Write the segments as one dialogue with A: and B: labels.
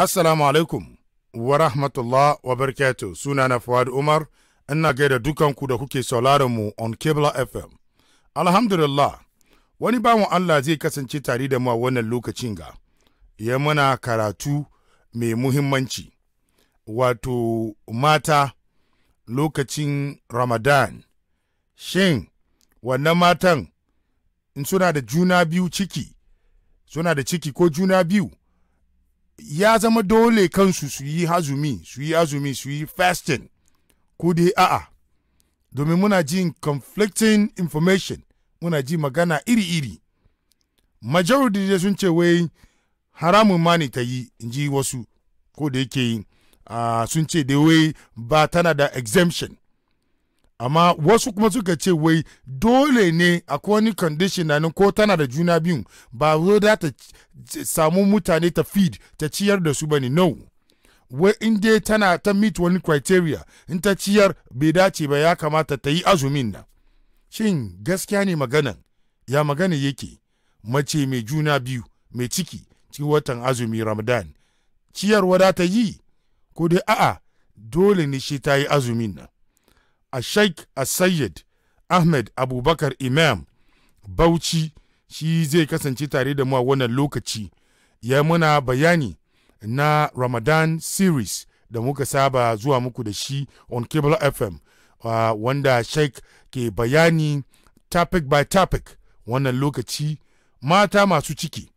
A: Assalamu alaikum wa rahmatullah wa barakatuh suna na Fuad Umar ina gaida dukanku da kuke sauraron mu on Kebla FM. Alhamdulillah wani bawan Allah zai kasance tare da mu a wannan lokacin ga ya mana karatu mai muhimmanci wato mata lokacin Ramadan shin wannan matan in suna da juna biyu ciki suna da ciki ko juna biyu ya zama dole kansu su yi hazumi su yi azumi su yi fasting ko dai a'a domin muna jin conflicting information muna ji magana iri-iri majority da sun ce wai haramun ma ne ta yi in ji wasu ko da yake yi ah, sun ce da wai ba tana da exemption amma wasu kuma suka ce wai dole ne akwai wani condition na ko tana da juna biyun ba zo da ta samu mutane ta feed ta ciyar da su ba ne no wai in dai tana ta meet wani criteria in ta ciyar bai dace ba ya kamata ta yi azumin nan shin gaskiya ne maganan ya magana yake mace mai juna biyu mai ciki cikin watan azumi ramadan ciyarwa da ta yi ko dai a'a dole ne shi ta yi azumin nan a sheikh asayid ahmed abubakar imam bauchi shi zai kasance tare da mu a wannan lokaci ya muna bayani na ramadan series da muka saba zuwa muku da shi on cable fm uh, wanda sheikh ke bayani topic by topic wannan lokaci mata masu ciki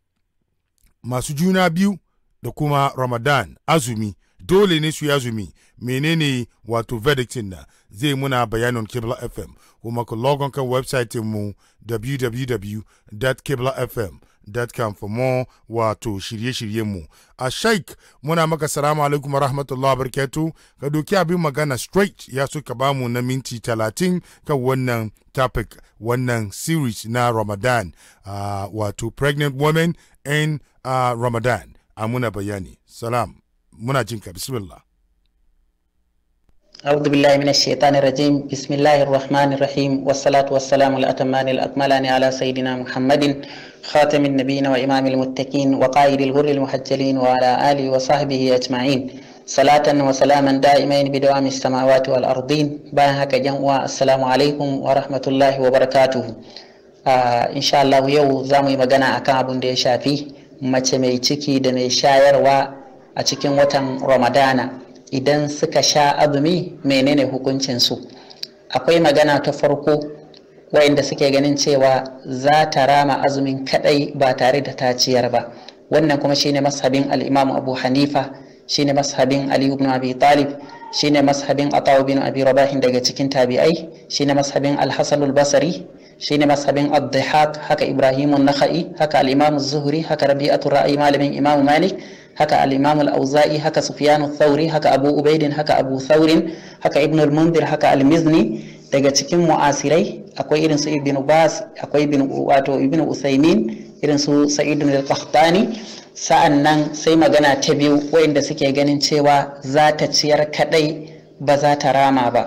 A: masu juna biyu da kuma ramadan azumi dole ne su yi azumi menene wato verdictin na zai muna bayanin kebla fm kuma ku logon kan website mu www.kiblafm.com for more wato shirye-shiryen mu a sheik muna maka salamu alaikum rahmatullahi barketu ka doki abin magana straight ya suka bamu na minti talatin kan wannan topic wannan series na ramadan uh, wato pregnant women in uh, ramadan a muna bayani salam muna jinka bismillah
B: أعوذ بالله من الشيطان الرجيم بسم الله الرحمن الرحيم والصلاة والسلام الأتمان الأكملان على سيدنا محمد خاتم النبيين وإمام المتقين وقائد الغر المحجلين وعلى آله وصحبه أجمعين صلاة وسلاما دائمين بدوام السماوات والأرضين باهك جنوى السلام عليكم ورحمة الله وبركاته آه إن شاء الله يو زامي مغانا أكابون دي شافي ما mai ciki da mai shayarwa a cikin idan suka sha azumi menene hukuncinsu akwai magana ta farko wayanda suke ganin cewa za ta rama azumin kadai ba tare da taciyar ba wannan kuma shine mashabin al-imam abu hanifa shine mashabin ali ibn abi talib shine mashabin ata bin abi rabah daga cikin tabi'ai shine mashabin al-hasan al-basri shine mashabin ad-dhihak haka ibrahim an-nakhai haka al-imam az-zuhri haka rabi'atu ra'i malamin imam malik haka al-imam auzai haka sufyan al-thawri haka abu ubaidin haka abu thawrin haka ibn al-mundir haka al-mizni daga cikin mu'asirai akwai irin su ibn bas akwai ibn wato ibn usaymin irin su sa'id al-qahtani sa'annan sai magana ta biyu wayanda suke ganin cewa za ta ciyar kadai ba za ta rama ba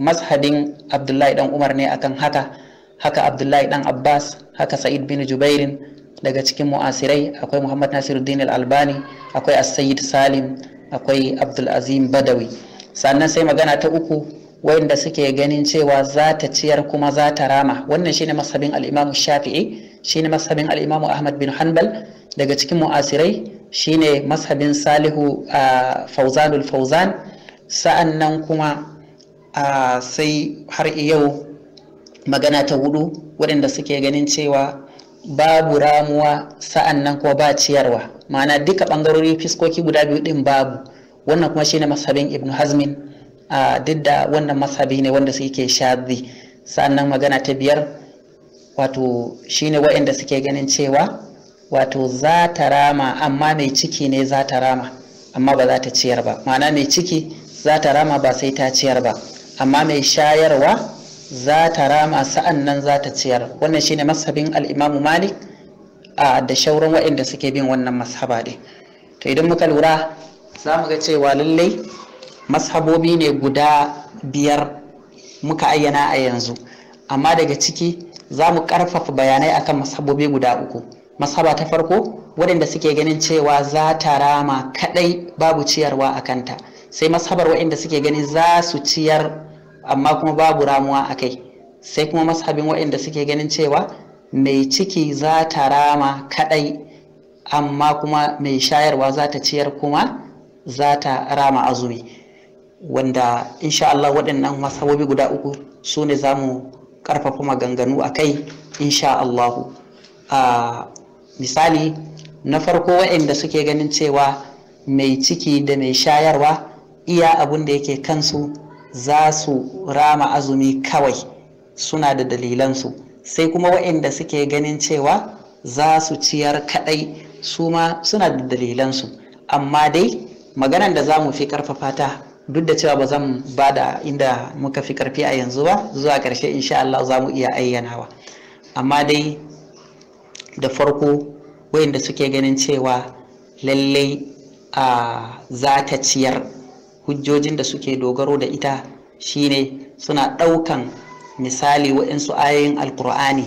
B: mazhabin abdullahi dan umar ne akan haka haka abdullahi dan abbas haka sa'id bin jubairin daga cikin mu'asirai akwai muhammad nasiruddin al-albani akwai as-sayyid salim akwai Abdulazim badawi sannan sai magana ta uku wayanda suke ganin cewa za ta ciyar kuma za ta rama wannan shine masabin al-imamu shafi'i shine masabin al-imamu ahmad bin hanbal daga cikin mu'asirai shine masabin salihu fauzanul fauzan sa'annan kuma sai har yau magana ta hudu waɗanda suke ganin cewa babu ramuwa sa'an nan kuma ba ciyarwa ma'ana duka ɓangarori fiskoki guda biyu ɗin babu wannan kuma shine masabin ibnu hazmin a duk da wannan masabi ne wanda suke shazi sa'annan magana ta biyar wato shine wa'inda suke ganin cewa wato za ta rama amma mai ciki ne za ta rama amma ba za ta ciyar ba ma'ana mai ciki za ta rama ba sai ta ciyar ba amma mai shayarwa za ta rama sa'an nan za ta ciyar wannan shine mashabin al'imamu malik a da shauran waɗanda suke bin wannan mashaba ɗin to idan muka lura za mu ga cewa lallai mashabobi ne guda biyar muka ayyana a yanzu amma daga ciki za mu ƙarfafa bayanai akan mashabobi guda uku mashaba ta farko waɗanda suke ganin cewa za ta rama kaɗai babu ciyarwa a kanta sai mashabar waɗanda suke ganin za su ciyar amma kuma babu ramuwa a kai sai kuma mashabin waɗanda suke ganin cewa mai ciki za ta rama kaɗai amma kuma mai shayarwa za ta ciyar kuma za ta rama azumi wanda insha Allah waɗannan masabobi guda uku su ne za mu ƙarfafa maganganu a kai insha Allah misali na farko waɗanda suke ganin cewa mai ciki da mai shayarwa iya abin da yake kansu za su rama azumi kawai suna da dalilansu sai kuma waɗanda suke ganin cewa za su ciyar kaɗai su ma suna da dalilansu amma dai maganan da za mu fi ƙarfafa ta duk da cewa ba zan ba da inda muka fi ƙarfi a yanzu ba zuwa ƙarshe insha Allah za mu iya ayyanawa amma dai da farko waɗanda suke ganin cewa lallai ah, za ta ciyar hujjojin da suke dogaro da ita shine suna ɗaukan misali waɗansu ayoyin alkur'ani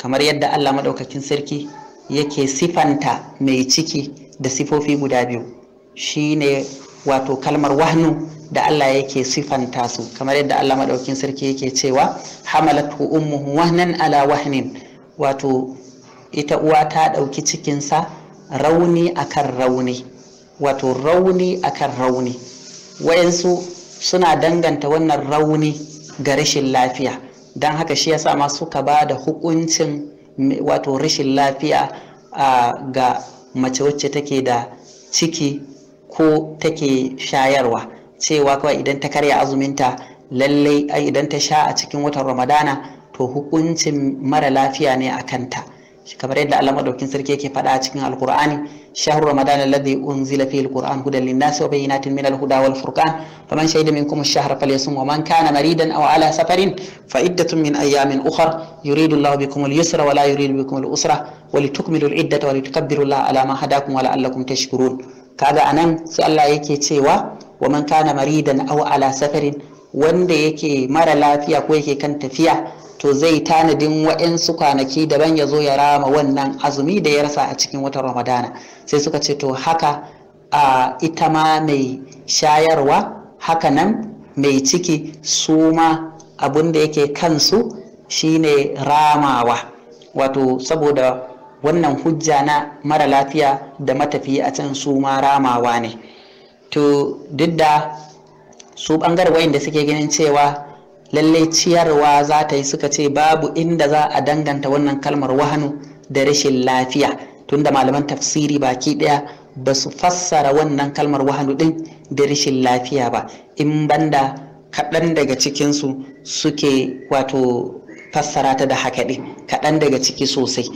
B: kamar yadda allah maɗaukakin sarki yake sifanta mai ciki da sifofi guda biyu shine wato kalmar wahnu da Allah yake sifanta su kamar yadda Allah maɗaukin sarki yake cewa hamalatu ummuhu wahnan ala wahnin wato ita uwa ta ɗauki cikinsa rauni akan rauni wato rauni akan rauni wayansu suna danganta wannan rauni ga rashin lafiya don haka shi yasa ma suka ba da hukuncin wato rashin lafiya ga mace wacce take da ciki ko take shayarwa cewa kawai idan ta karya azuminta lallai idan ta sha a cikin watan ramadana to hukuncin mara lafiya ne a kanta. kamar yadda Allah madaukin sarki yake faɗa a cikin alkur'ani shahru ramadan alladhi unzila fihi alquran hudan linnasi wa bayyinatin min alhuda wal furqan faman shahida minkum ash-shahra falyasum wa man kana maridan aw ala safarin fa iddatun min ayamin ukhra yuridu Allahu bikum al-yusra wa la yuridu bikum al-usra wa litukmilu al-iddata wa litukabbiru Allah ala ma hadakum wa la'allakum tashkurun kaga anan sai Allah yake cewa wa man kana maridan aw ala safarin wanda yake mara lafiya ko yake kan tafiya to zai tanadin waɗansu kwanaki daban ya zo ya rama wannan azumi da ya rasa a cikin watan ramadana sai suka ce to haka a ita ma mai shayarwa haka nan mai ciki su ma abin yake kansu shine ramawa wato saboda wannan hujja na mara lafiya da matafiya a can su ma ramawa ne to duk da su bangare wayanda suke ganin cewa lallai ciyarwa za ta yi suka ce babu inda za a danganta wannan kalmar wahanu da rashin lafiya tunda malaman tafsiri baki ɗaya ba su fassara wannan kalmar wahanu din da rashin lafiya ba in banda kaɗan daga cikinsu suke wato fassara ta da haka ɗin kaɗan daga ciki sosai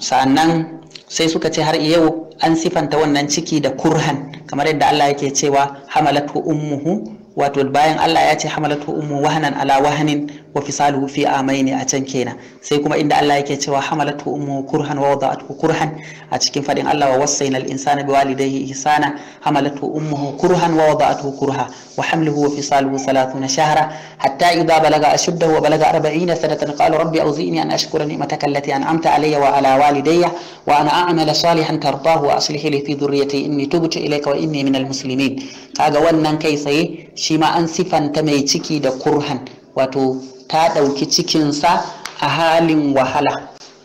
B: sa'annan sai suka ce har yau an sifanta wannan ciki da kurhan kamar yadda Allah yake cewa hamalatu ummuhu wato bayan Allah ya ce hamalatu ummu wahanan ala wahanin wa fisaluhu fi amaini a can kenan sai kuma inda Allah yake cewa hamalatu ummu kurhan wa wada'atu kurhan a cikin fadin Allah wa wasainal insana biwalidayhi ihsana hamalatu ummuhu kurhan wa wada'atu kurha wa hamluhu wa fisaluhu 30 shahra hatta idha balaga ashuddahu wa balaga 40 sanatan qala rabbi awzi'ni an ashkura ni'mataka allati an'amta alayya wa ala walidayya wa ana a'mala salihan tardahu wa aslih li fi dhurriyyati inni tubtu ilayka wa inni minal muslimin kaga wannan kai tsaye shi ma an sifanta mai ciki da kurhan wato ta ɗauki cikinsa a halin wahala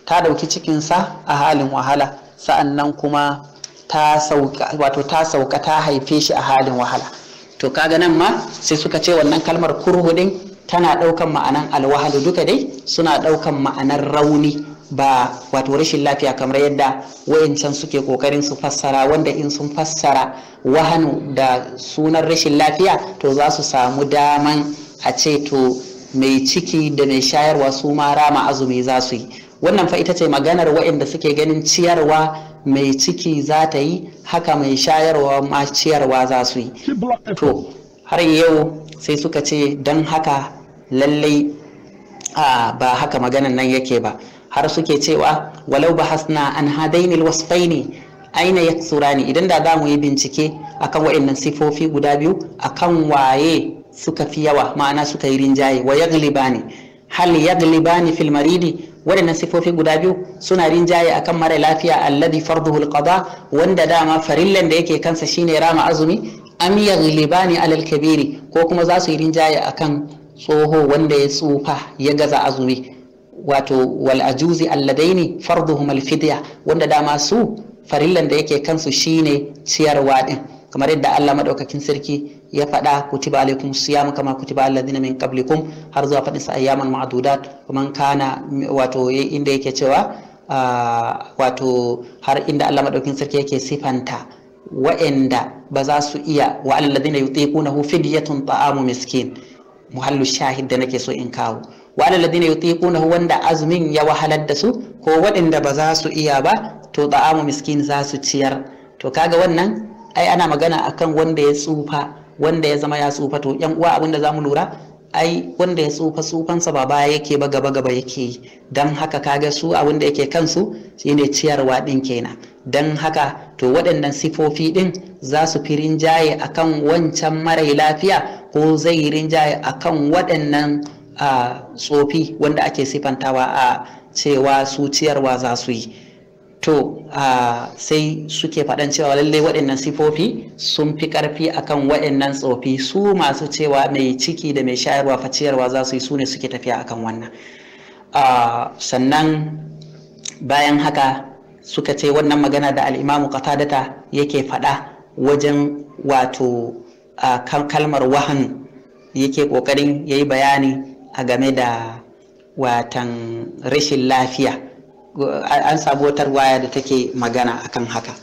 B: ta ɗauki cikinsa a halin wahala sa'annan kuma ta sauka wato ta sauka ta haife shi a halin wahala to kaga nan ma sai suka ce wannan kalmar kurhudin tana ɗaukan ma'anan alwahalu duka dai suna ɗaukan ma'anar rauni ba wato rashin lafiya kamar yadda wayancan suke kokarin su fassara wanda in sun fassara wahanu da sunan rashin lafiya to za su samu daman a ce to mai ciki da mai shayarwa su ma rama azumi za su yi wannan fa ita ce maganar waɗanda suke ganin ciyarwa mai ciki za ta yi haka mai shayarwa ma ciyarwa za su yi to har yau sai suka ce don haka lallai ba haka maganar nan yake ba har suke cewa walau bahasna an hadainil ne aina yaksurani idan da za mu yi bincike akan waɗannan sifofi guda biyu akan waye suka fi yawa ma'ana suka yi rinjaye wa yaglibani hal yaglibani fil maridi waɗannan sifofi guda biyu suna rinjaye akan mara lafiya alladhi farduhu alqada wanda dama farillan da yake kansa shine rama azumi am Libani alal kabiri ko kuma za su yi rinjaye akan tsoho wanda ya tsufa ya gaza azumi wato wal ajuzi alladaini farduhum alfidya wanda dama su farillan da yake kansu shine ciyarwa din kamar yadda Allah madaukakin sarki ya faɗa kutiba alaikum siyam kama kutiba alladhina min qablikum har zuwa faɗin sa ayyaman ma'dudat kuma kana wato inda yake cewa wato har inda Allah madaukakin sarki yake sifanta wa'anda ba za su iya wa alladhina yutiqunahu fidyatun ta'amu miskin muhallu shahid da nake so in kawo wa alladhina yutiqunahu wanda azumin ya wahalar da su ko waɗanda ba za su iya ba to ta'amu miskin za su ciyar to kaga wannan ai ana magana akan wanda ya tsufa wanda ya zama ya tsufa to yan uwa abinda zamu lura ai wanda ya tsufa tsufansa ba baya yake ba gaba gaba yake yi dan haka kaga su abinda yake kansu shine ciyarwa din kenan dan haka to waɗannan sifofi din za su fi rinjaye akan wancan marai lafiya ko zai yi rinjaye akan waɗannan ah, tsofi wanda ake sifantawa a cewa su ciyarwa za su yi to sai suke faɗan cewa lallai waɗannan sifofi sun fi ƙarfi akan waɗannan tsofi su masu cewa mai ciki da mai shayarwa faciyarwa za su yi su ne suke tafiya akan wannan sannan bayan haka suka ce wannan magana da al'imamu qatadata yake faɗa wajen wato kalmar wahan yake ƙoƙarin ya yi bayani a game da watan rashin lafiya an samu wata waya da take magana akan haka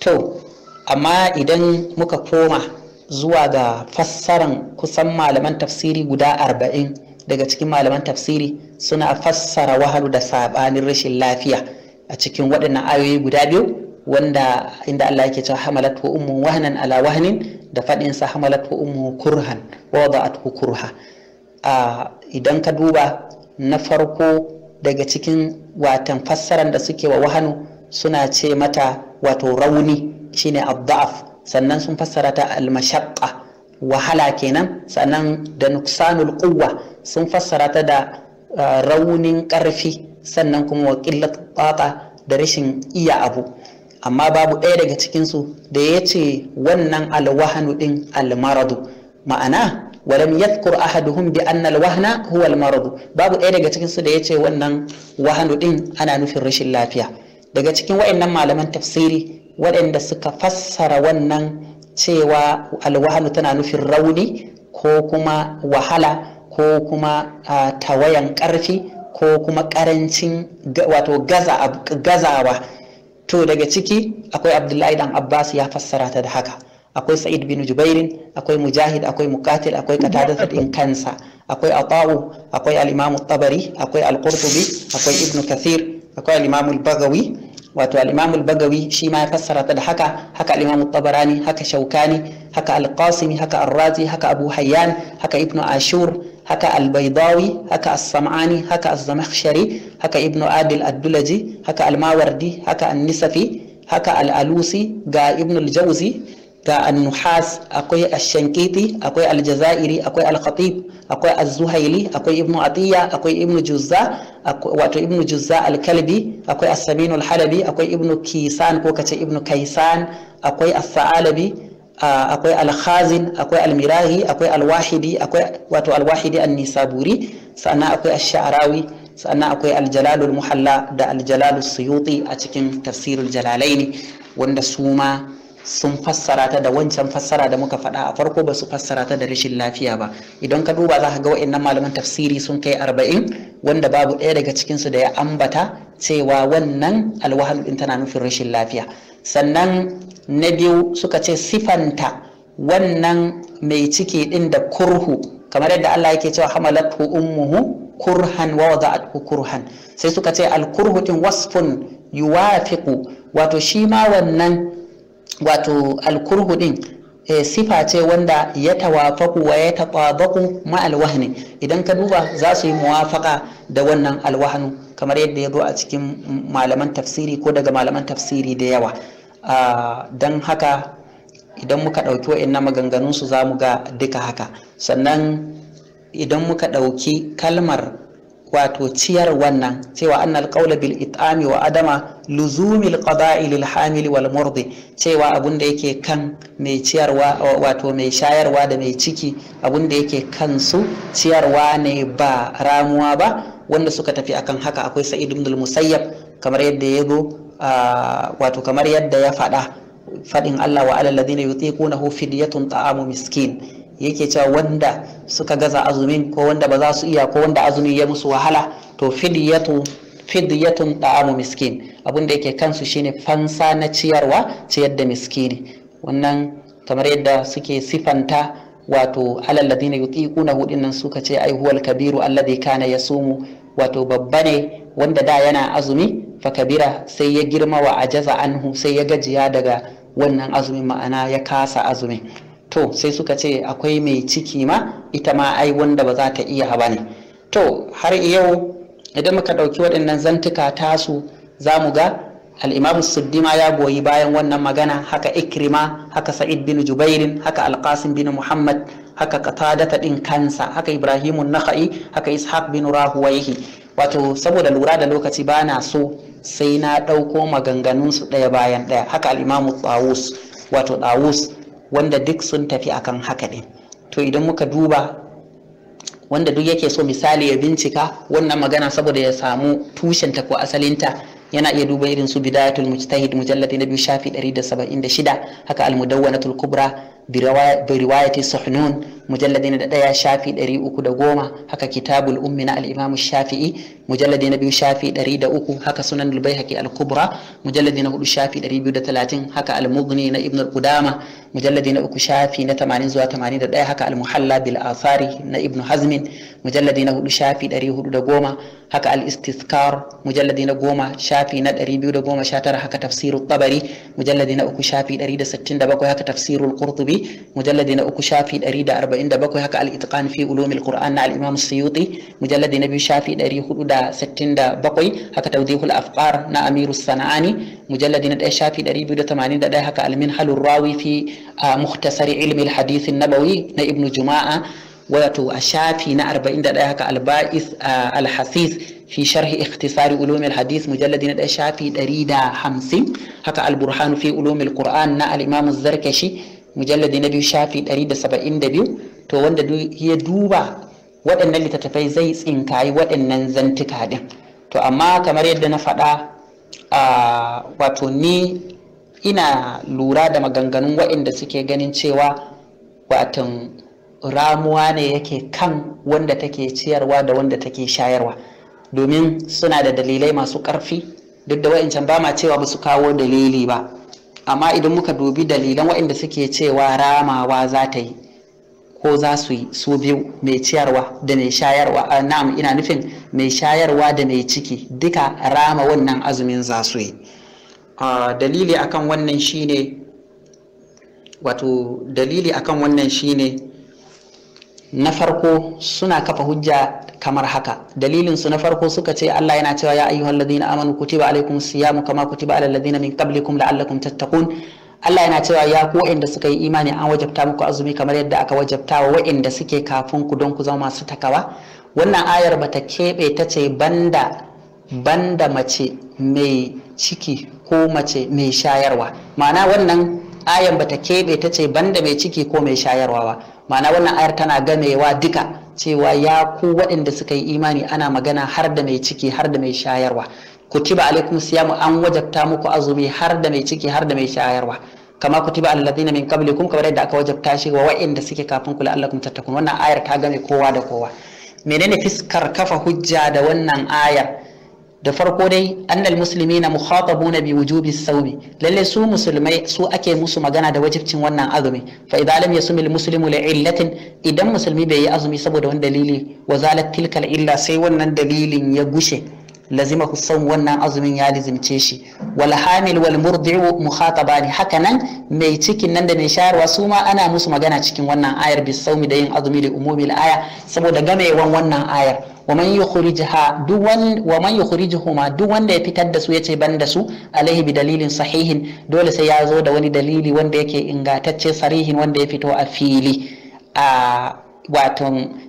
B: to amma idan muka koma zuwa ga fassaran kusan malaman tafsiri guda arba'in daga cikin malaman tafsiri suna fassara wahalu da sabanin rashin lafiya a cikin waɗannan ayoyi guda biyu wanda inda Allah yake cewa hamalat wa ummu wahnan ala wahnin da faɗin sa hamalat wa ummu kurhan wa wada'at kurha idan ka duba na farko daga cikin watan fassaran da suke wa wahanu suna ce mata wato rauni shine abda'af sannan sun fassara ta almashaqqa wahala kenan sannan da nuksanul quwwa sun fassara ta da uh, raunin ƙarfi sannan kuma wa qillat da rashin iya abu amma babu ɗaya daga cikinsu da ya ce wannan alwahanu ɗin almaradu ma'ana walam yadhkur ahaduhum bi anna al-wahna huwa al babu ɗaya daga cikin su da yace wannan wahanu din ana nufin rashin lafiya daga cikin waɗannan malaman tafsiri waɗanda suka fassara wannan cewa alwahanu tana nufin rauni ko kuma wahala ko kuma tawayan ƙarfi ko kuma ƙarancin wato gazawa to daga ciki akwai abdullahi dan abbas ya fassara ta da haka أكوي سعيد بن جبير أكوي مجاهد أكوي مقاتل أكوي قتادة بن كنسة أكوي عطاء أكوي الإمام الطبري أكوي القرطبي أكوي ابن كثير أكوي الإمام البغوي واتو الإمام البغوي شي ما فسر تدحكا هكا الإمام الطبراني هكا شوكاني هكا القاسمي هكا الرازي هكا أبو حيان هكا ابن عاشور هكا البيضاوي هكا الصمعاني هكا الزمخشري هكا ابن عادل الدلجي هكا الماوردي هكا النسفي هكا الألوسي قا ابن الجوزي ga annuhas akwai ashankiti akwai aljazairi akwai alkhatib akwai azzuhaili akwai ibnu atiya akwai ibnu juzza wato ibnu juzza alkalbi akwai asaminul halabi akwai ibnu kisan ko kace ibnu kaisan akwai as-sa'alabi akwai alkhazin akwai almirahi akwai alwahidi akwai wato alwahidi an-nisaburi sannan akwai ash-sha'rawi sannan akwai aljalalul muhalla da aljalalus suyuti a cikin tafsirul jalalaini wanda suma. ma sun fassara ta da wancan fassara da muka faɗa a farko ba su fassara ta da rashin lafiya ba idan ka duba za ka ga wa'annan malaman tafsiri sun kai arba'in wanda babu ɗaya daga cikinsu da ya ambata cewa wannan alwahal ɗin tana nufin rashin lafiya sannan na biyu suka ce sifanta wannan mai ciki ɗin da kurhu kamar yadda Allah yake cewa hamalatu ummuhu kurhan wa wada'athu kurhan sai suka ce alkurhu din wasfun yuwafiqu wato shi ma wannan wato alkurhu din eh, sifa ce wanda ya tawafaku wa ya tawafaku ma alwahni idan ka duba za su yi muwafaka da wannan alwahnu kamar yadda ya zo a cikin malaman tafsiri ko daga malaman tafsiri da yawa ah, don haka idan muka ɗauki wa'in maganganunsu maganganunsu za mu ga duka haka sannan idan muka ɗauki kalmar wato ciyar wannan cewa annal alƙaula bil it'ami wa adama luzumil qada'i lil hamil wal murdi cewa abun da yake kan mai ciyarwa wato mai shayarwa da mai ciki abun da yake kansu ciyarwa ne ba ramuwa ba wanda suka tafi akan haka akwai sa'id ibn musayyab kamar yadda ya zo wato kamar yadda ya faɗa faɗin Allah wa alal ladina hu fidyatun ta'amu miskin yake cewa wanda suka gaza azumin ko wanda ba za su iya ko wanda azumi ya musu wahala to fidyatu fidyatun da'amu miskin abinda yake kansu shine fansa na ciyarwa ciyar da miskini wannan kamar yadda suke sifanta wato alal ladina yutiquna hu dinnan suka ce ai huwal kabiru alladhi kana yasumu wato babba ne wanda da yana azumi fa kabira sai ya girma wa ajaza anhu sai ya gajiya daga wannan azumin ma'ana ya kasa azumin to sai suka ce akwai mai ciki ma ita ma ai wanda ba za ta iya ba ne to har yau idan muka ɗauki waɗannan zantuka tasu za mu ga al'imamu ma ya goyi bayan wannan magana haka ikrima haka sa'id bin jubairin haka alƙasim bin muhammad haka qatadata ɗin kansa haka ibrahimun naka'i haka ishaq bin rahuwaihi wato saboda lura da lokaci ba na so sai na ɗauko maganganunsu ɗaya bayan ɗaya haka al'imamu tsawus wato tsawus wanda duk sun tafi akan haka ne to idan muka duba wanda duk yake so misali ya bincika wannan magana saboda ya samu tushen ta ko asalinta yana iya duba irin su bidayatul mujtahid mujallati na biyu shafi 176 haka al mudawwanatul kubra برواية صحنون مجلد ندايا شافي دري أكو دقوما هكا كتاب الأم نا الإمام الشافعي مجلد نبي شافي دري دا أكو هكا سنن البيهقي الكبرى مجلد نهو شافي دري بيودة ثلاثين هكا المغني نا ابن القدامة مجلد نا أكو شافي نا تمانين زوا تمانين دايا هكا المحلى بالآثار نا ابن حزم مجلد نهو شافي دري هدو دقوما هكا الاستذكار مجلد نا قوما شافي نا دري بيودة قوما شاتر هكا تفسير الطبري مجلد نا أكو شافي دري دا ستين دا هكا تفسير القرطبي العلوي مجلد نأكو شافي الأريد أربعين دبكو هكا الإتقان في علوم القرآن على الإمام السيوطي مجلد نبي شافي الأريد دا ستين دبكوي هكا توديه الأفكار نا أمير الصنعاني مجلد نبي شافي الأريد دا تمانين دا هكا المنحل الراوي في آه، مختصر علم الحديث النبوي نا ابن جماعة wato a shafi na 41 haka alba'is alhasis fi sharhi ikhtisari ulumil hadith mujalladi na shafi 150 haka alburhan fi ulumil qur'an na al-imam zarkashi mujalladi na biyu shafi 172 to wanda ya duba waɗannan littattafai zai tsinkayi waɗannan zantuka din to amma kamar yadda na faɗa a wato ni ina lura da maganganun waɗanda suke ganin cewa watan ramuwa ne yake kan wanda take ciyarwa da wanda take shayarwa domin suna da dalilai masu ƙarfi duk da wa'incan ba ma cewa ba su kawo dalili ba amma idan muka dubi dalilan waɗanda suke cewa ramawa za ta yi ko za su yi su biyu mai ciyarwa da mai shayarwa na'am ina nufin mai shayarwa da mai ciki duka rama wannan azumin za su yi dalili akan wannan shine wato dalili akan wannan shine na farko suna kafa hujja kamar haka dalilin su na farko suka ce Allah yana cewa ya ayyuhal ladina amanu kutiba alaikum siyamu kama kutiba alal ladina min qablikum la'allakum tattaqun Allah yana cewa ya ku waɗanda suka yi imani an wajabta muku azumi kamar yadda aka wajabta wa waɗanda suke kafin ku don ku zama masu takawa wannan ayar bata keɓe ta ce banda banda mace mai ciki ko mace mai shayarwa ma'ana wannan ayan bata keɓe ta ce banda mai ciki ko mai shayarwa ba ma'ana wannan ayar tana gamewa duka cewa ya ku waɗanda suka yi imani ana magana har da mai ciki har da mai shayarwa kutiba alaikum siyamu an wajabta muku azumi har da mai ciki har da mai shayarwa kama kutiba alladhina min qablikum kamar da aka wajabta shi wa waɗanda suke kafin ku la'allakum tattakun wannan ayar ta game kowa da kowa menene fiskar kafa hujja da wannan ayar da farko dai annal musulmi na mukhatabuna na wujubi saumi lalle su musulmai su ake musu magana da wajibcin wannan azumi fa idza lam yasum al muslimu li illatin idan musulmi bai yi azumi saboda wani dalili wa zalat tilka illa sai wannan dalilin ya gushe lazima ku san wannan azumin ya lizimce shi wal hamil wal murdi'u mukhatabani haka nan mai cikin nan da mai shayarwa su ma ana musu magana cikin wannan ayar bisaumi da yin azumi da umumil aya saboda gamewan wannan ayar wa man duk duk wanda ya fitar da su yace ban da su alaihi bi dalilin sahihin dole sai ya zo da wani dalili wanda yake ingatacce sarihin wanda ya fito a fili a wato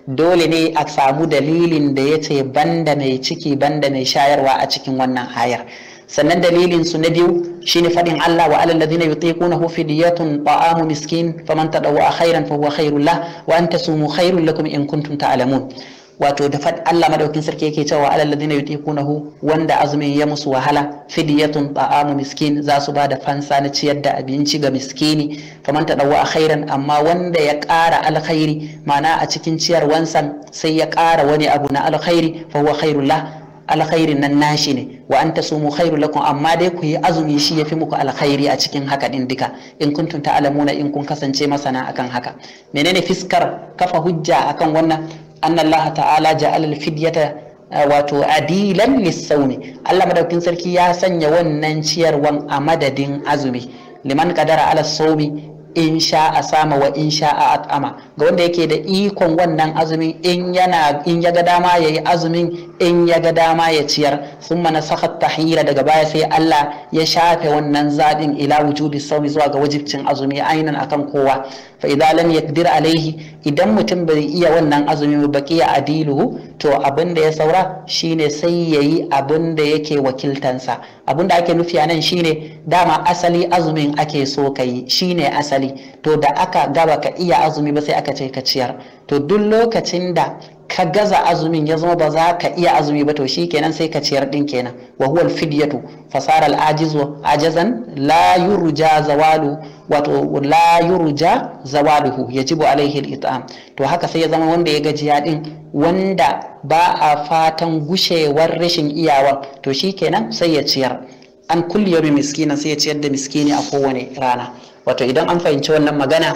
B: dole ne a samu dalilin da ya ce banda mai ciki banda mai shayarwa a cikin wannan hayar sannan dalilin su na biyu shine fadin Allah wa alal ladina yutiqunahu hu fidyatun ta'amu miskin faman tadawa khairan fa huwa khairul lah wa an tasumu khairul lakum in kuntum ta'lamun wato da fad Allah madaukin sarki yake cewa alal ladina yutikunahu wanda azumin ya musu wahala fidyatun ta'amu miskin za su bada fansa na ciyar da abinci ga miskini faman tadawwa khairan amma wanda ya ƙara alkhairi ma'ana a cikin ciyar ciyarwansa sai ya ƙara wani abu na alkhairi fa huwa khairullah alkhairin nan nashi ne wa anta sumu khairu lakum amma dai ku yi azumi shi yafi muku alkhairi a cikin haka din duka in kuntum ta'lamuna in kun kasance masana akan haka menene fiskar kafa hujja akan wannan anna Allah ta'ala ja'ala al-fidyata wato adilan lis Allah madaukin sarki ya sanya wannan ciyarwan a madadin azumi liman qadara ala sawmi in sha a sama wa in sha a at'ama ga wanda yake da ikon wannan azumin in yana in ya ga dama ya yi azumin in ya ga dama ya ciyar sun mana ta tahira daga baya sai Allah ya shafe wannan zaɓin ila wujubi saumi zuwa ga wajibcin azumi ainihin akan kowa fa idan lam yakdir alaihi idan mutum bai iya wannan azumin ba baqiya adiluhu to abinda ya saura shine sai yayi abinda yake wakiltansa abin da ake nufi a nan shine dama asali azumin ake so ka yi shine asali to da aka gaba ka iya azumi ba sai aka ce ka ciyar to duk lokacin da ka gaza azumin ya zama ba za ka iya azumi ba to shi kenan sai ka ciyar din kenan wa huwa alfidyatu fasara alajizu ajazan la yurja zawalu wato la yurja zawaluhu yajibu alaihi al'it'am to haka sai ya zama wanda ya gajiya din wanda ba a fatan gushewar rashin iyawa to shi kenan sai ya ciyar an kulli yawmi miskina sai ya ciyar da miskini a kowane rana wato idan an fahimci wannan magana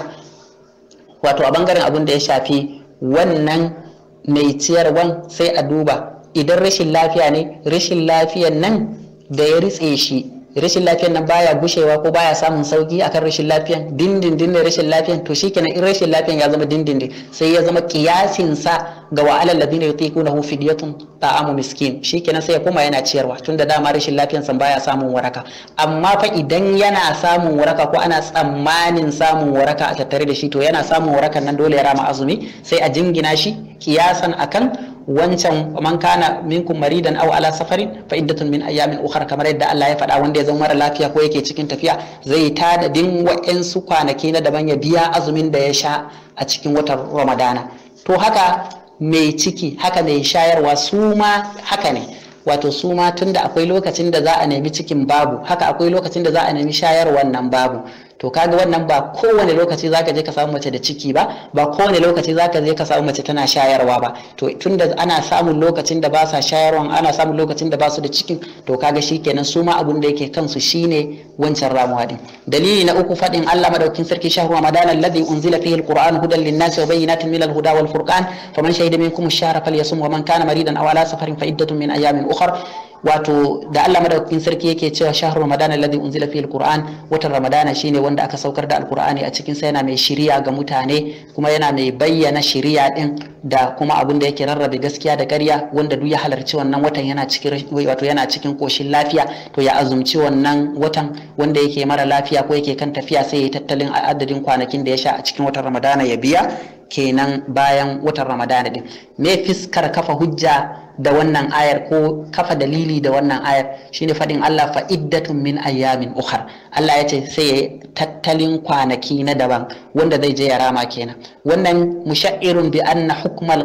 B: wato a bangaren abin da ya shafi wannan mai ciyarwan sai a duba idan rashin lafiya ne rashin lafiyan nan da ya ritse shi rashin lafiyan nan baya gushewa ko baya samun sauki akan rashin lafiyan dindindin ne rashin lafiyan to shikenan in rashin lafiyan ya zama dindindin sai ya zama kiyasin sa ga wa alal ladina yutiqunahu fidyatun ta'amu miskin shikenan sai ya koma yana ciyarwa tunda dama rashin lafiyan san baya samun waraka amma fa idan yana samun waraka ko ana tsammanin samun waraka a tattare da shi to yana samun warakan nan dole ya rama azumi sai a jingina shi kiyasan akan wancan man kana minkum maridan aw ala safarin fa iddatun min ayamin ukhra kamar yadda Allah ya faɗa wanda ya zama mara lafiya ko yake cikin tafiya zai tada din wa'ensu kwanaki na daban ya biya azumin da ya sha a cikin watan Ramadana to haka mai ciki haka mai shayarwa su ma haka ne wato su ma tunda akwai lokacin da za a nemi cikin babu haka akwai lokacin da za a nemi shayarwan nan babu to kaga wannan ba kowane lokaci zaka je ka samu mace da ciki ba ba kowane lokaci zaka je ka samu mace tana shayarwa ba to tunda ana samun lokacin da ba sa shayarwa ana samun lokacin da ba su da cikin to kaga shikenan su ma abun da yake kansu shine wancan ramuwa din dalili na uku fadin Allah madaukin sarki shahru ramadan alladhi unzila fihi alquran hudan linnas wa bayyinatan minal Huda, wal furqan faman shahida minkum ash-shahra falyasum wa man kana maridan aw ala safarin fa iddatun min ayamin ukhra wato da Allah madaukakin sarki yake cewa shahrul ramadan alladhi unzila fihi alquran watan ramadana shine wanda aka saukar da alqurani a cikin sa yana mai shiriya ga mutane kuma yana mai bayyana shiriya din da kuma abin da yake rarrabe gaskiya da ƙarya wanda duk ya halarci wannan watan yana cikin wato yana cikin koshin lafiya to ya azumci wannan watan wanda yake mara lafiya ko yake kan tafiya sai ya yi tattalin adadin kwanakin da ya sha a cikin watan ramadana ya biya kenan bayan watan ramadana din me fiskar kafa hujja da wannan ayar ko kafa dalili da wannan ayar shine faɗin Allah fa'iddatun iddatun min ayyamin ukhar Allah ya ce sai ya tattalin kwanaki na daban wanda zai je ya rama kenan wannan musha'irin bi anna hukmal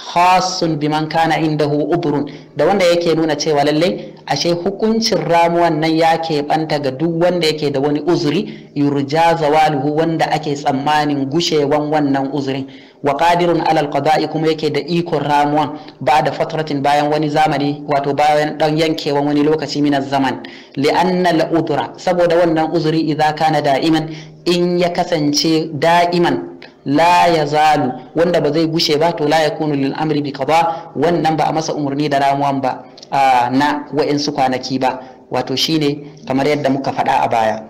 B: hasun bimanka na kana indahu ubrun da wanda yake nuna cewa lallai ashe hukuncin ramuwan nan ya keɓanta ga duk wanda yake da wani uzuri yurja zawaluhu wanda ake tsammanin gushewan wannan uzurin wa qadirun alal qada'i kuma yake da ikon ramuwan ba da fatratin bayan wani zamani wato bayan dan yankewan wani lokaci min zaman li'anna udra saboda wannan uzuri idza kana da'iman in ya kasance da'iman la ya zalu wanda ba zai gushe ba to la ya kunu lil amri bi qada wannan ba a masa umarni da ramuwan ba na wa'insu kwanaki ba wato shine kamar yadda muka faɗa a baya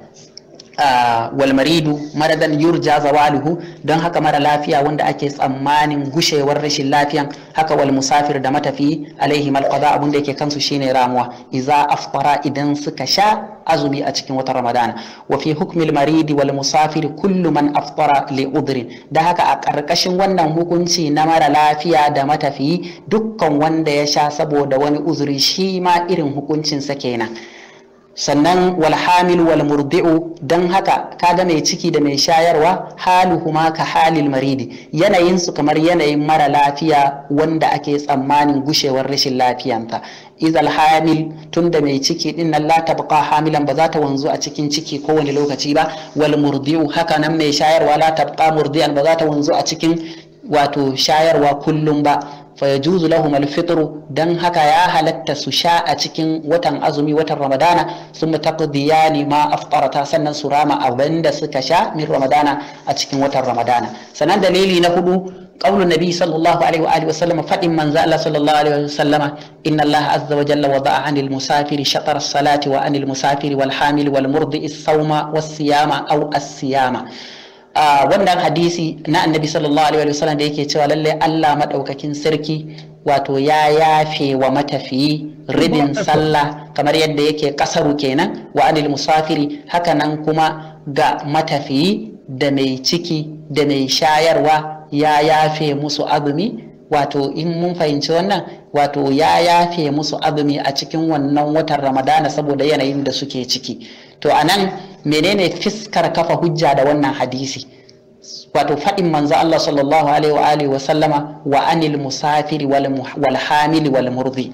B: Walmaridu, maradan yurja zawaluhu don haka mara lafiya wanda ake tsammanin gushewar rashin lafiyan haka wal musafir da matafi alaihi malqada abun da yake kansu shine ramuwa iza afqara idan suka sha azumi a cikin watan ramadana wa fi hukmil maridi wal musafir kullu man afqara li udrin da haka a ƙarƙashin wannan hukunci na mara lafiya da matafi dukkan wanda ya sha saboda wani uzuri shi ma irin hukuncinsa kenan sannan wal walmurdi'u wal murdi'u dan haka kaga mai ciki da mai shayarwa haluhuma ka halil maridi yanayin su kamar yanayin mara lafiya wanda ake tsammanin gushewar rashin lafiyanta izal hamil tun da mai ciki din nan la tabqa hamilan ba za ta wanzu a cikin ciki kowane lokaci ba walmurdi'u murdi'u haka nan mai shayarwa la tabqa murdi'an ba za ta wanzu a cikin wato shayarwa kullum ba fa yajuzu lahum alfitru dan haka ya halatta su sha a cikin watan azumi watan ramadana sun taqdiyani ma aftarata sannan su rama abinda suka sha min ramadana a cikin watan ramadana sannan dalili na hudu قول النبي صلى الله عليه وآله وسلم فإن من زال صلى الله عليه وسلم إن الله عز وجل وضع عن المسافر شطر الصلاة وعن المسافر والحامل والمرضئ الصوم والصيام أو الصيام wannan hadisi na annabi sallallahu alaihi sallam da yake cewa lallai Allah madaukakin sarki wato ya yafe wa matafiyi ribin sallah kamar yadda yake kasaru kenan wa anil musafiri Haka nan kuma ga matafiyi da mai ciki da mai shayarwa ya yafe musu azumi wato in mun fahimci wannan wato ya yafe musu azumi a cikin wannan watan ramadana saboda yanayin da suke ciki to anan menene fiskar kafa hujja da wannan hadisi wato faɗin manzo Allah sallallahu alaihi wa alihi wa sallama wa anil musafiri wal hamil wal murdi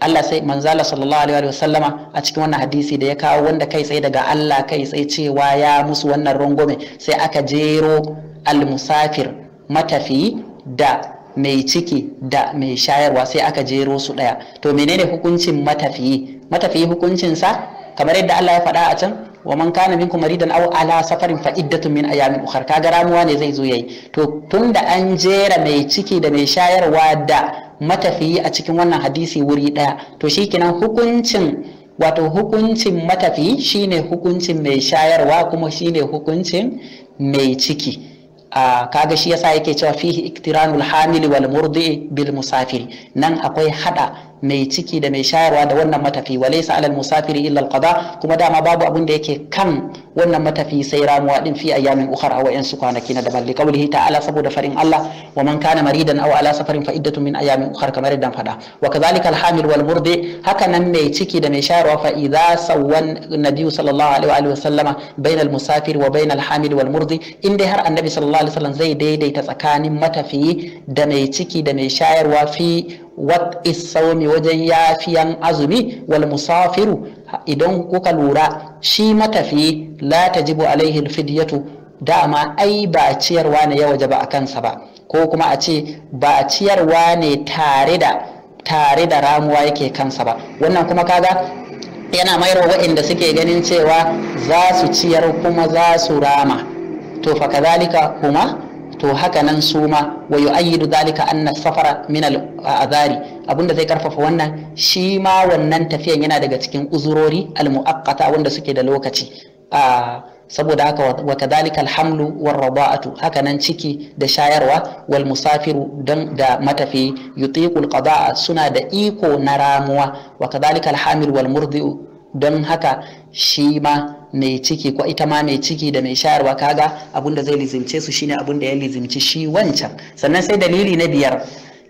B: Allah sai Allah sallallahu alaihi wa sallama a cikin wannan hadisi da ya kawo wanda kai tsaye daga Allah kai tsaye cewa ya musu wannan rungume sai aka jero al musafir matafi da mai ciki da mai shayarwa sai aka jero su ɗaya to menene hukuncin matafi? matafiyi hukuncinsa kamar yadda Allah ya faɗa a can wa man kana minkum maridan aw ala safarin fa iddatun min ayamin ukhra ramuwa ne zai zo yayi to tunda an jera mai ciki da mai shayarwa da matafiyi a cikin wannan hadisi wuri daya to shikenan hukuncin wato hukuncin matafiyi shine hukuncin mai shayarwa kuma shine hukuncin mai ciki a kaga shi yasa yake cewa fihi iktiranul hamili wal murdi bil musafir. nan akwai hada mai ciki da mai shayarwa da wannan matafi wa laysa alal musafiri illa alqada kuma dama babu abin da yake kan wannan matafi sai ramuwa din fi ayamin ukhra a yansu kwanaki na daban liqaulihi ta'ala saboda farin Allah wa man kana maridan aw ala safarin fa iddatun min ayamin ukhra kamar dan fada wa kadhalika alhamil wal murdi haka nan mai ciki da mai shayarwa fa idza sawwan nabiy sallallahu alaihi wa sallama bainal musafir wa bainal hamil wal murdi inda har annabi sallallahu alaihi sallam zai daidaita tsakanin matafi da mai ciki da mai shayarwa fi wat isaumi wajen yafiyan azumi wal musafiru idan kuka lura shi matafi la tajibu alaihi alfidyatu dama ai ba ciyarwa ne ya waje ba a kansa ba ko kuma a ce ba ciyarwa ne tare da ramuwa yake kansa ba wannan kuma kaga yana wa waɗanda suke ganin cewa za su ciyar kuma za su rama to fa kazalika kuma to haka nan su ma wa yu'ayyidu dhalika anna safara min al-adhari abinda zai karfafa wannan shi ma wannan tafiyan yana daga cikin uzurori al-muaqqata wanda suke da lokaci saboda haka wa kadhalika alhamlu war rada'atu haka nan ciki da shayarwa wal musafiru dan da matafi yutiqul qada'a suna da iko na ramuwa wa kadhalika hamil wal murdi don haka shi ma mai ciki ko ita ma mai ciki da mai shayarwa kaga abun da zai lizimce su shine abun da ya lizimci shi wancan sannan sai dalili na biyar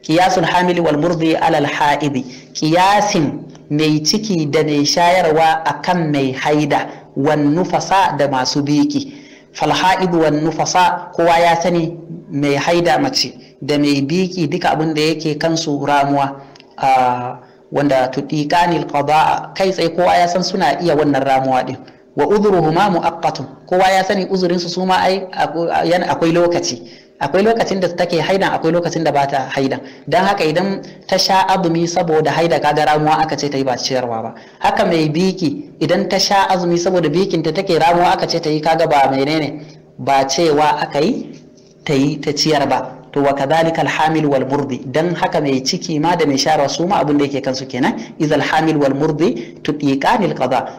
B: kiyasun hamili wal murdi alal ha'ibi kiyasin mai ciki da mai shayarwa akan mai haida wan nufasa da masu biki fal ha'idu wan nufasa kowa ya sani mai haida mace da mai biki duka abin da yake kansu ramuwa ah, wanda tuɗiƙanil qada kai tsaye kowa ya san suna iya wannan ramuwa ɗin. wa udhruhuma muaqqatun kowa ya sani uzurinsu su ma ai akwai lokaci akwai lokacin da take haida akwai lokacin da bata haida dan haka idan ta sha azumi saboda haida kaga ramuwa aka ce ta yi ba ciyarwa ba haka mai biki idan ta sha azumi saboda bikin ta take ramuwa aka ce ta yi kaga ba menene ba cewa aka yi ta yi ta ciyar ba to wa kadhalika alhamil wal murdi dan haka mai ciki ma da mai shara su ma abin da yake kansu kenan izal alhamil wal murdi tudiqani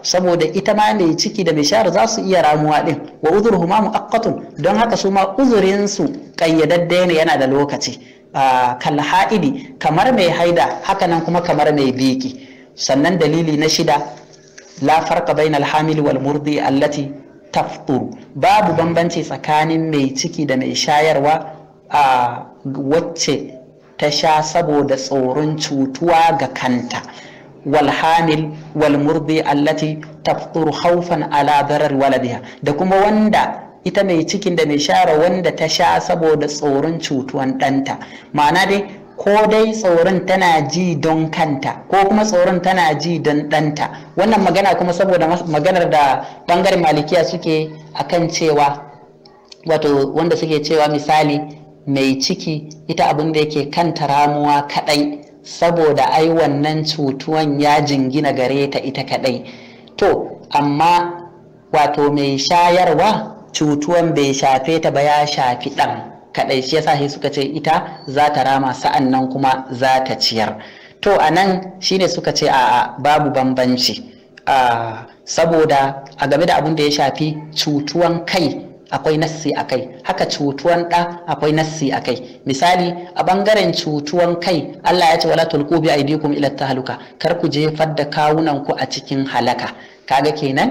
B: saboda ita ma mai ciki da mai shara za su iya ramuwa din wa udhruhuma muaqqatun don haka su ma uzurin su kayyadadde ne yana da lokaci ah, kal haidi kamar mai haida hakanan kuma kamar mai biki sannan dalili na shida la farqa bainal alhamil wal murdi allati tafturu babu bambanci tsakanin mai ciki da mai shayarwa a wacce ta sha saboda tsoron cutuwa ga kanta walhamil walmurdi allati taftur haufan aladarar darar da kuma wanda ita mai cikin da mai shara wanda ta sha saboda tsoron cutuwan ɗanta ma'ana dai ko dai tsoron tana ji don kanta ko kuma tsoron tana ji don ɗanta wannan magana kuma saboda maganar da bangaren malikiya suke akan cewa wato wanda suke cewa misali mai ciki ita abin da yake kanta ramuwa kadai saboda ai wannan cutuwan ya jingina gare ta ita kadai to amma wato mai shayarwa cutuwan bai shafe ta ba ya shafi ɗan kaɗai shi yasa sai suka ce ita za ta rama sa'an nan kuma za ta ciyar to a nan shine suka ce a'a babu bambanci ah, saboda a game da abin da ya shafi cutuwan kai akwai nassi a kai haka cutuwan ɗa akwai nassi a kai misali a ɓangaren cutuwan kai Allah ya ce wala tulku bi aidikum ila tahluka kar ku jefar da kawunan ku a cikin halaka kaga kenan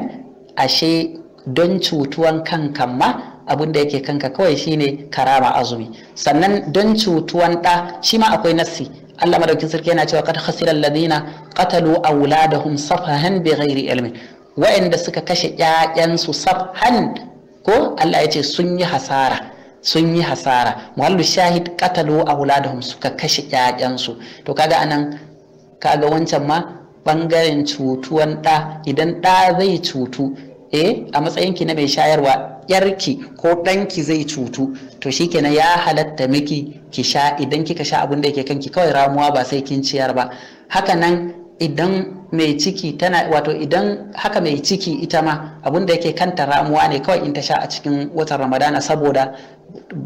B: ashe don cutuwan kanka ma abin da yake kanka kawai shine karama azumi sannan don cutuwan ɗa shi ma akwai nassi Allah madaukin sarki yana cewa qad khasira alladhina qatalu awladahum safahan bighairi ilmin wa'anda suka kashe ƴaƴansu safhan ko Allah ya ce sun yi hasara sun yi hasara muhallu shahid qatalu auladahum suka kashe ƴaƴansu to kaga anan kaga wancan ma bangaren cutuwan ɗa idan ɗa zai cutu eh a matsayin ki na mai shayarwa yarki ko ɗanki zai cutu to shi shikenan ya halatta miki ki sha idan kika sha abin da yake kanki kawai ramuwa ba sai kin ciyar ba haka nan idan mai ciki tana wato idan haka mai ciki ita ma abin da yake kanta ramuwa ne kawai in ta sha a cikin watan ramadana saboda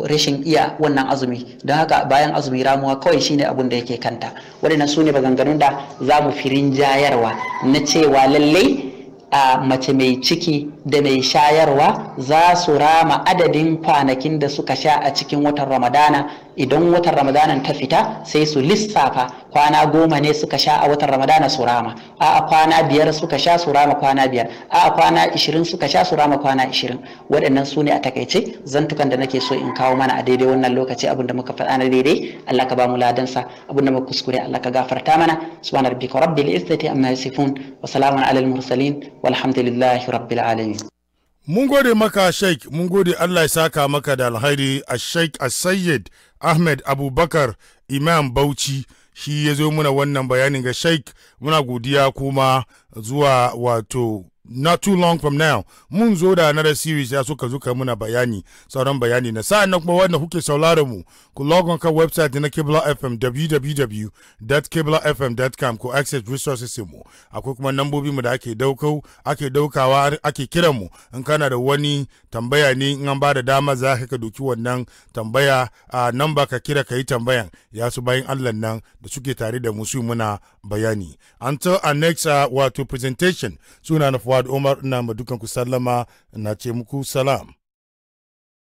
B: rashin iya wannan azumi don haka bayan azumi ramuwa kawai shine abin da yake kanta waɗannan su ne maganganun da za mu firin jayarwa na cewa lallai a mace mai ciki da mai shayarwa za su rama adadin kwanakin da suka sha a cikin watan ramadana idan watan ramadanan ta fita sai su lissafa kwana goma ne suka sha a watan ramadana su rama a kwana biyar suka sha su rama kwana biyar a kwana ishirin suka sha su rama kwana ishirin waɗannan su ne a takaice zantukan da nake so in kawo mana a daidai wannan lokaci abin da muka faɗa na daidai Allah ka ba mu ladansa abin da muka kuskure Allah ka gafarta mana subhana rabbil izzati amma yasifun wa salamun alal mursalin walhamdulillahi rabbil alamin
A: mun gode maka sheik mun gode allah ya saka maka da alhairi a sheik a sayyid ahmed abubakar imam bauchi shi ya zo muna wannan bayanin ga sheik muna godiya kuma zuwa wato not too long from now mun zo da another series ya suka zuka muna bayani sauran bayani na sa'an nan kuma wanda kuke sauraron mu ku log on ka website na Kibla FM www.kiblafm.com ko access resources mu akwai kuma nambobi mu da ake daukau ake daukawa ake kiran mu in kana da wani tambaya ne in an bada dama za ka ka doki wannan tambaya a nan ba ka kira ka yi tambayan ya su bayan Allah nan da suke tare da musu muna bayani until our next uh, wato presentation suna na Fuad Umar na ma ku sallama na ce muku salam.